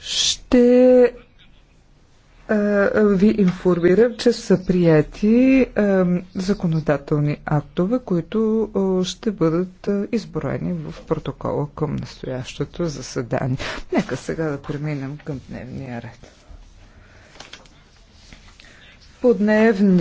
Ще ви информирам, че са прияти законодателни актове, които ще бъдат изброени в протокола към настоящото заседание. Нека сега да преминем към дневния ред. По дневния